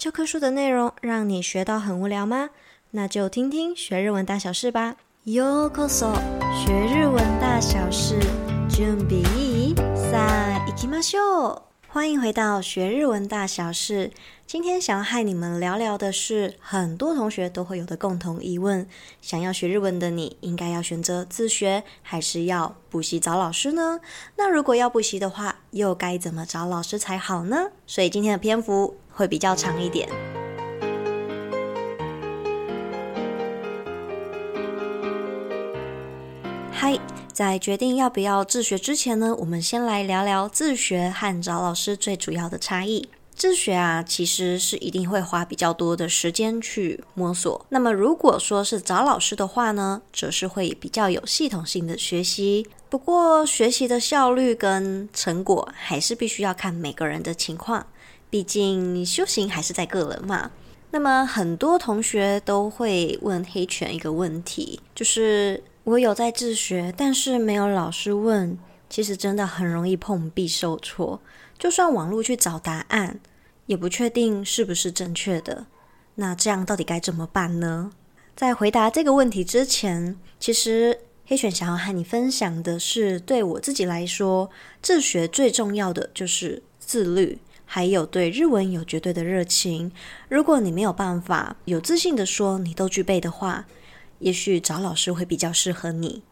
這棵書的內容讓你學到很無聊嗎？那就聽聽學日文大小事吧。Yo koso，學日文大小事，Junbi sai ikimasho。歡迎回到學日文大小事。今天想要和你們聊聊的是，很多同學都會有的共同疑問：想要學日文的你，應該要選擇自學，還是要補習找老師呢？那如果要補習的話，又該怎麼找老師才好呢？所以今天的篇幅。會比較長一點。嗨，在決定要不要自學之前呢，我們先來聊聊自學和找老師最主要的差異。自學啊，其實是一定會花比較多的時間去摸索。那麼，如果說是找老師的話呢，則是會比較有系統性的學習。不過，學習的效率跟成果還是必須要看每個人的情況。畢竟修行還是在個人嘛。那麼很多同學都會問黑犬一個問題，就是我有在自學，但是沒有老師問，其實真的很容易碰壁受挫。就算網絡去找答案，也不確定是不是正確的。那這樣到底該怎麼辦呢？在回答這個問題之前，其實黑犬想要和你分享的是，對我自己來說，自學最重要的就是自律。還有對日文有絕對的熱情。如果你沒有辦法有自信的說你都具備的話，也許找老師會比較適合你。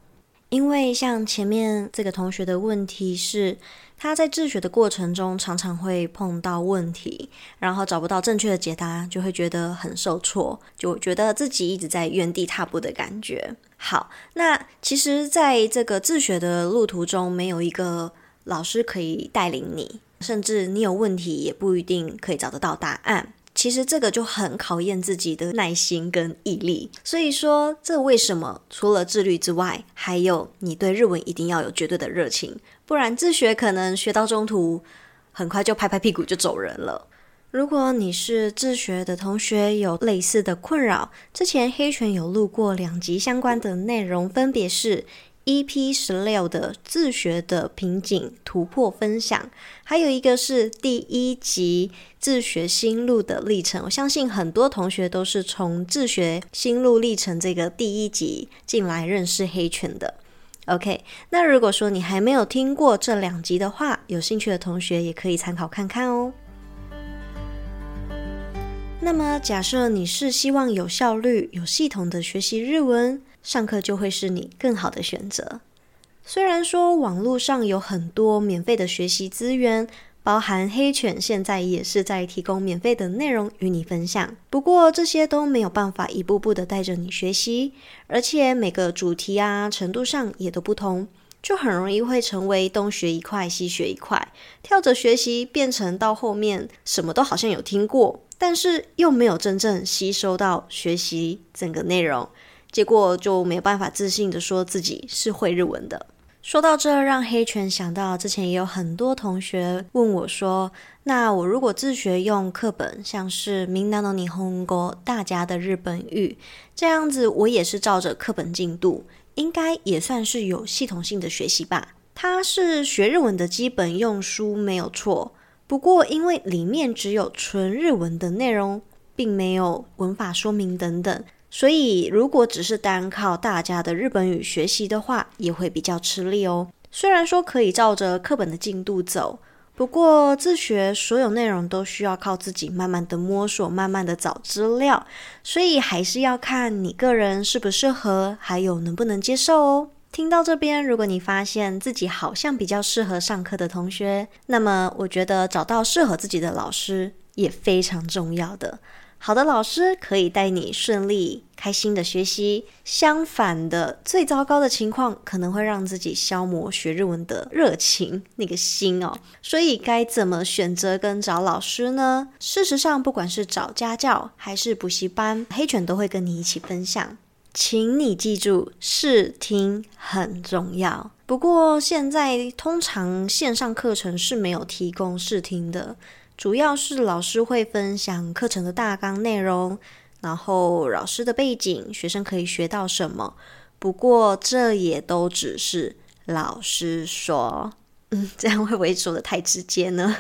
因為像前面這個同學的問題是，他在自學的過程中常常會碰到問題，然後找不到正確的解答，就會覺得很受挫，就覺得自己一直在原地踏步的感覺。好，那其實在這個自學的路途中，沒有一個老師可以帶領你。甚至你有問題也不一定可以找得到答案。其實這個就很考驗自己的耐心跟毅力。所以說，這為什麼除了自律之外，還有你對日文一定要有絕對的熱情，不然自學可能學到中途，很快就拍拍屁股就走人了。如果你是自學的同學，有類似的困擾，之前黑犬有錄過兩集相關的內容，分別是。EP16 的自學的瓶頸突破分享，還有一個是第一集自學心路的歷程。我相信很多同學都是從自學心路歷程這個第一集進來認識黑犬的。OK，那如果說你還沒有聽過這兩集的話，有興趣的同學也可以參考看看哦、喔。那麼，假設你是希望有效率、有系統的學習日文。上課就會是你更好的選擇。雖然說網絡上有很多免費的學習資源，包含黑犬現在也是在提供免費的內容與你分享。不過這些都沒有辦法一步步的帶着你學習，而且每個主題啊程度上也都不同，就很容易會成為東學一塊西學一塊，跳着學習變成到後面什麼都好像有聽過，但是又沒有真正吸收到學習整個內容。結果就沒有辦法自信的說自己是會日文的。說到這，讓黑犬想到之前也有很多同學問我說，那我如果自學用課本，像是《みんなの日本語》大家的日本語這樣子，我也是照着課本進度，應該也算是有系統性的學習吧？它是學日文的基本用書沒有錯，不過因為裡面只有純日文的內容，並沒有文法說明等等。所以，如果只是單靠大家的日本語學習的話，也會比較吃力哦。雖然說可以照着課本的進度走，不過自學所有內容都需要靠自己慢慢的摸索，慢慢的找資料。所以還是要看你個人適不適合，還有能不能接受哦。聽到這邊，如果你發現自己好像比較適合上課的同學，那麼我覺得找到適合自己的老師也非常重要的。好的老師可以帶你順利、開心的學習。相反的，最糟糕的情況可能會讓自己消磨學日文的熱情，那個心哦。所以該怎麼選擇跟找老師呢？事實上，不管是找家教還是補習班，黑犬都會跟你一起分享。請你記住，試聽很重要。不過現在通常線上課程是沒有提供試聽的。主要是老師會分享課程的大綱內容，然後老師的背景，學生可以學到什麼。不過，這也都只是老師說，嗯，這樣會不會說的太直接呢？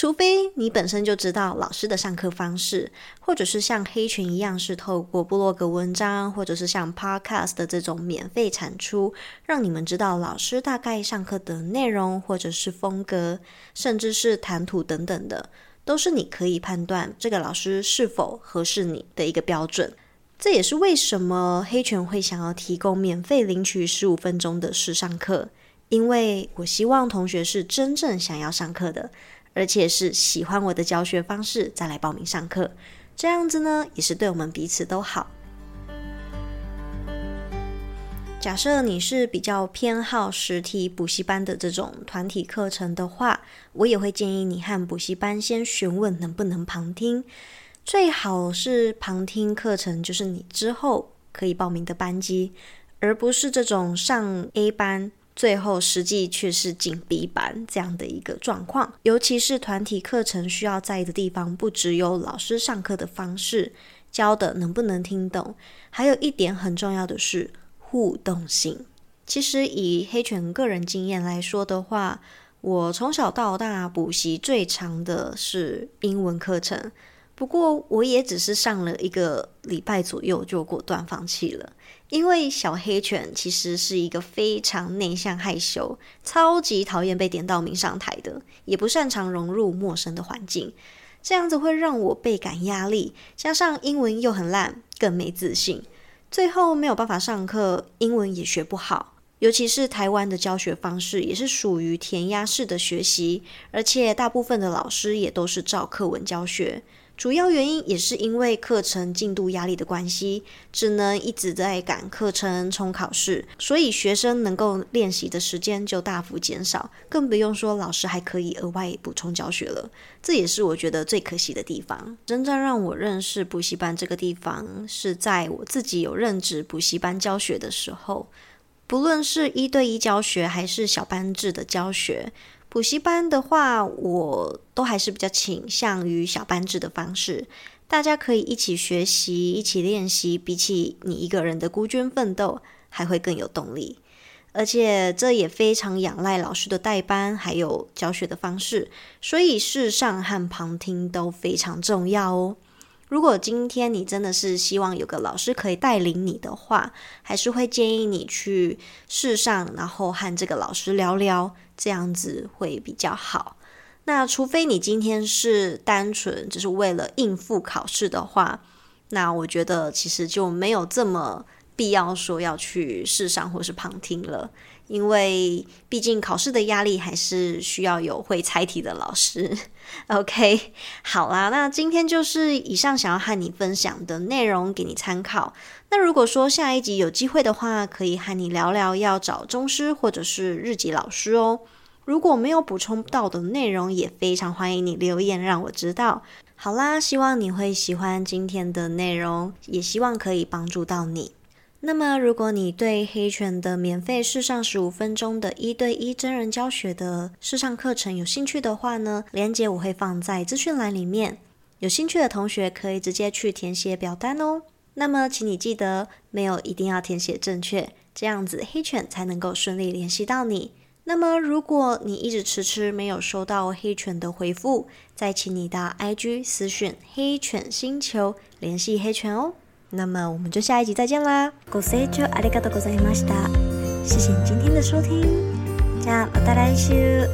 除非你本身就知道老師的上課方式，或者是像黑犬一樣是透過部落格文章，或者是像 podcast 的這種免費產出，讓你們知道老師大概上課的內容或者是風格，甚至是談吐等等的，都是你可以判斷這個老師是否合適你的一個標準。這也是為什麼黑犬會想要提供免費領取十五分鐘的試上課，因為我希望同學是真正想要上課的。而且是喜歡我的教學方式再來報名上課，這樣子呢也是對我們彼此都好。假設你是比較偏好實體補習班的這種團體課程的話，我也會建議你和補習班先詢問能不能旁聽，最好是旁聽課程就是你之後可以報名的班級，而不是這種上 A 班。最後，實際卻是緊逼版這樣的一個狀況。尤其是團體課程需要在意的地方，不只有老師上課的方式、教的能不能聽懂，還有一點很重要的是互動性。其實以黑犬個人經驗來說的話，我從小到大補習最長的是英文課程，不過我也只是上了一個禮拜左右就果斷放棄了。因為小黑犬其實是一個非常內向、害羞、超級討厭被點到名上台的，也不擅長融入陌生的環境，這樣子會讓我倍感壓力。加上英文又很爛，更沒自信，最後沒有辦法上課，英文也學不好。尤其是台灣的教學方式也是屬於填鴨式的學習，而且大部分的老師也都是照課文教學。主要原因也是因為課程進度壓力的關係，只能一直在趕課程、衝考試，所以學生能夠練習的時間就大幅減少，更不用說老師還可以額外補充教學了。這也是我覺得最可惜的地方。真正讓我認識補習班這個地方，是在我自己有任職補習班教學的時候，不論是一對一教學還是小班制的教學。補習班的話，我都還是比較傾向於小班制的方式，大家可以一起學習、一起練習，比起你一個人的孤軍奮鬥，還會更有動力。而且這也非常仰賴老師的帶班還有教學的方式，所以試上和旁聽都非常重要哦。如果今天你真的是希望有個老師可以帶領你的話，還是會建議你去試上，然後和這個老師聊聊，這樣子會比較好。那除非你今天是單純只，就是為了應付考試的話，那我覺得其實就沒有這麼必要說要去試上或是旁聽了，因為畢竟考試的壓力還是需要有會猜題的老師。OK，好啦，那今天就是以上想要和你分享的內容，給你參考。那如果說下一集有機會的話，可以和你聊聊要找中師或者是日籍老師哦。如果沒有補充到的內容，也非常歡迎你留言讓我知道。好啦，希望你會喜歡今天的內容，也希望可以幫助到你。那麼，如果你對黑犬的免費試上、十五分鐘的一對一真人教學的試上課程有興趣的話呢，鏈接我會放在資訊欄裡面。有興趣的同學可以直接去填寫表單哦。那麼，請你記得沒有一定要填寫正確，這樣子黑犬才能夠順利聯繫到你。那麼，如果你一直遲遲沒有收到黑犬的回復，再請你到 IG 私訊黑犬星球聯繫黑犬哦。那麼我們就下一集再見啦！ご清聴ありがとうございました，謝謝今天的收聽。じゃあまた來週。